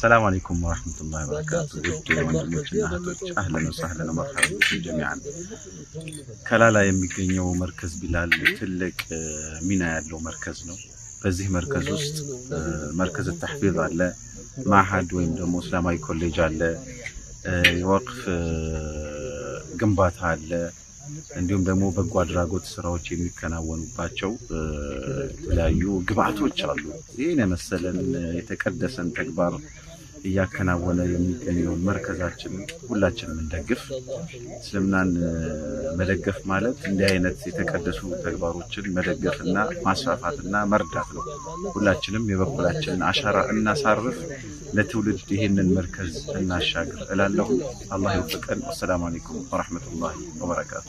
ሰላም አለይኩም ወራህመቱላሂ ወበረካቱ። ውድ ወንድሞችና እህቶች አህለን ወሰህለን መርሐባ ጀሚዓን። ከላላ የሚገኘው መርከዝ ቢላል ትልቅ ሚና ያለው መርከዝ ነው። በዚህ መርከዝ ውስጥ መርከዝ ተሕፊዝ አለ፣ ማሀድ ወይም ደግሞ እስላማዊ ኮሌጅ አለ፣ የወቅፍ ግንባታ አለ፣ እንዲሁም ደግሞ በጎ አድራጎት ስራዎች የሚከናወኑባቸው የተለያዩ ግብአቶች አሉ። ይህን የመሰለን የተቀደሰን ተግባር እያከናወነ የሚገኘውን መርከዛችን ሁላችንም እንደግፍ። እስልምናን መደገፍ ማለት እንዲህ አይነት የተቀደሱ ተግባሮችን መደገፍና ማስፋፋትና መርዳት ነው። ሁላችንም የበኩላችንን አሻራ እናሳርፍ፣ ለትውልድ ይህንን መርከዝ እናሻግር እላለሁ። አላህ ይወፍቀን። ወሰላሙ አሌይኩም ወረሕመቱላሂ ወበረካቱ።